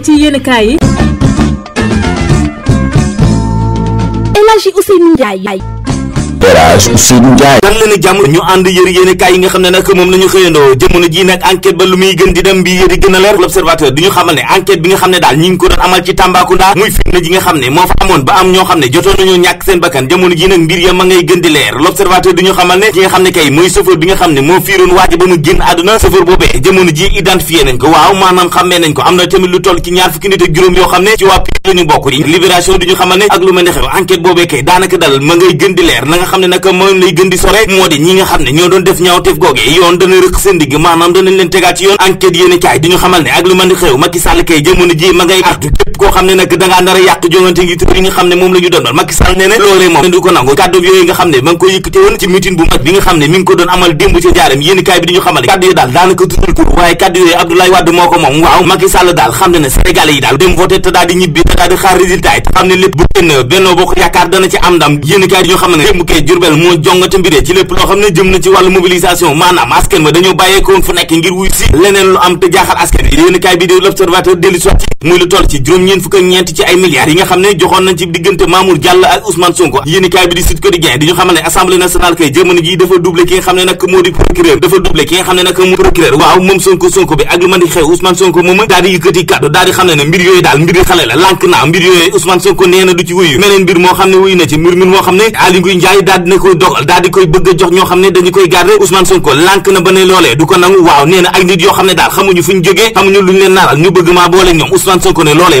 ci yenn kaay yi El Hadji Ousseynou Ndiaye repérage Ousseynou Ndiaye dal ñu ànd yër yéene yi nga xam ne nag moom nañu xëyandoo jamono ji nag enquête ba lu muy gën di leer l'observateur du ñu xamal ne ki nga xam ne kay mooy chauffeur bi nga xam ne moo fiiroon waaja ba mu génn àdduna chauffeur boobee jamono ji identifié nañ ko waaw maanaam xammee nañ ko am na tamit lu toll ci ñaar fukki nit ak juróom yoo xam ne ci waa Pire lañu bokk libération du ñu xamal ne ak lu mel ne xew enquête boobee kay daanaka xam ne nag moom lay gën di sore moo di ñi nga xam ne ñoo doon def ñaawteef googe yoon dana rëq seen digg maanaam danañ leen tegaat ci yoon enquête yéen a kaay di ñu xamal ne ak lu mën di xew Macky Sall kay jamono ji ma ngay artu képp koo xam ne nag dangaa nar a yàq jongante ngi tur yi nga xam ne moom la doon Macky Sall nee loolee moom du ko nangu kàddu yooyu nga xam ne ma ngi ko yëkkati woon ci meeting bu mag doon amal Sall daal lu am te jaaxal askan yi yéen kaay bi di l'observateur dellu si muy lu toll ci juróom juróom ñeen fukk ñeent ci ay milliards yi nga xam ne joxoon nañ ci diggante Mamour Diallo ak Ousmane Sonko yéenekaay na ba ne loolee du ko nangu waaw nee ak nit yoo xam ne daal xamuñu fu ñu jógee xamuñu luñ leen naaral ñu bëgg maa boole ñoom Ousmane Sonko ne loolee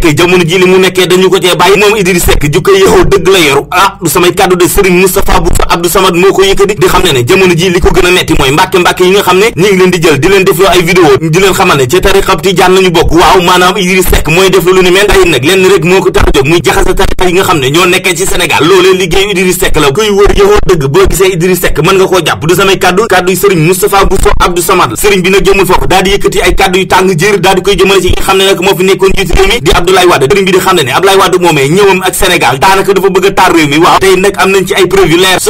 Seck jamono ji li mu nekkee dañu ko cee bàyyi moom Idrissa Seck jukko yow dëgg la yoru ah du samay kàddu de Serigne Moustapha Bousso Samad moo ko nag lenn rek ko tax yëkkati ay kàddu yu tàng jër daal koy jëmale ci nga xam ne nag moo fi nekkoon njiitu réew mi di Abdoulaye a waaw tey nag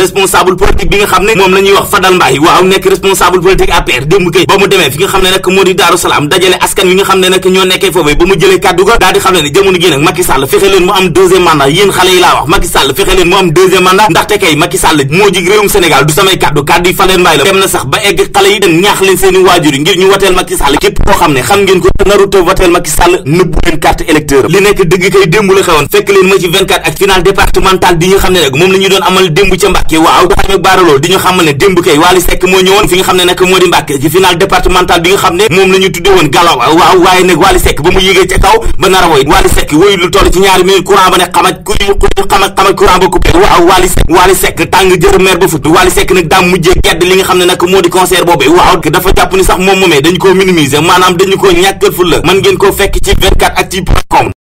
responsable politique bi nga xam ne moom la wax Fadal Mbaye waaw nekk responsable politique APR démb kay ba mu demee fi nga xam ne nag moo di Darou dajale askan wi nga xam ne nag ñoo nekkee foofee ba mu jëlee kàddu ga daal xam ne ne jamono gi nag Macky fexe leen mu am deuxième mandat yéen xale yi laa wax Macky Sall fexe leen mu am deuxième mandat ndaxte kay Macky Sall moo jig réewum Sénégal du samay kàddu kàddu yi Fandène Mbaye la dem na sax ba egg xale yi dem ñaax leen seeni waajur yi ngir ñu wateel Macky Sall képp koo xam ne xam ngeen ko narut a woy Wally Seck tàng jër maire ba fut Wally Seck nag daam mujjee gedd li nga xam ne nag moo di concert boobee waaw dafa jàpp ni sax moom moomee dañu koo minimiser maanaam dañu koo ñàkkal fulla mën ngeen koo fekk ci 24actu.com